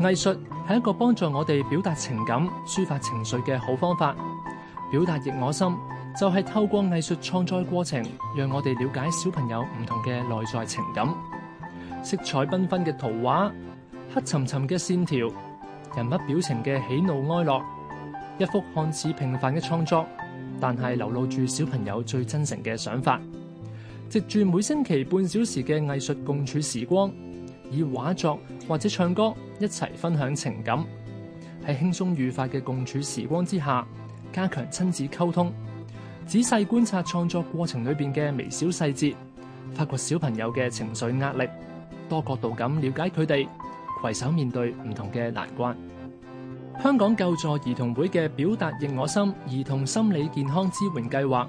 藝術係一個幫助我哋表達情感、抒發情緒嘅好方法。表達亦我心，就係、是、透過藝術創作過程，讓我哋了解小朋友唔同嘅內在情感。色彩繽紛嘅圖畫，黑沉沉嘅線條，人物表情嘅喜怒哀樂，一幅看似平凡嘅創作，但係流露住小朋友最真誠嘅想法。藉住每星期半小時嘅藝術共處時光。以畫作或者唱歌一齊分享情感，喺輕鬆愉快嘅共處時光之下，加強親子溝通，仔細觀察創作過程裏邊嘅微小細節，發掘小朋友嘅情緒壓力，多角度咁了解佢哋，攜手面對唔同嘅難關。香港救助兒童會嘅表達認我心兒童心理健康支援計劃，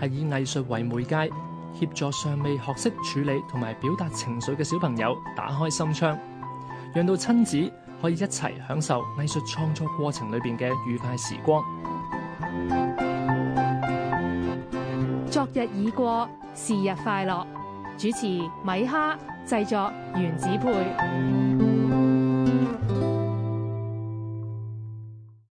係以藝術為媒介。協助尚未學識處理同埋表達情緒嘅小朋友打開心窗，讓到親子可以一齊享受藝術創作過程裏邊嘅愉快時光。昨日已過，是日快樂。主持米哈，製作原子配。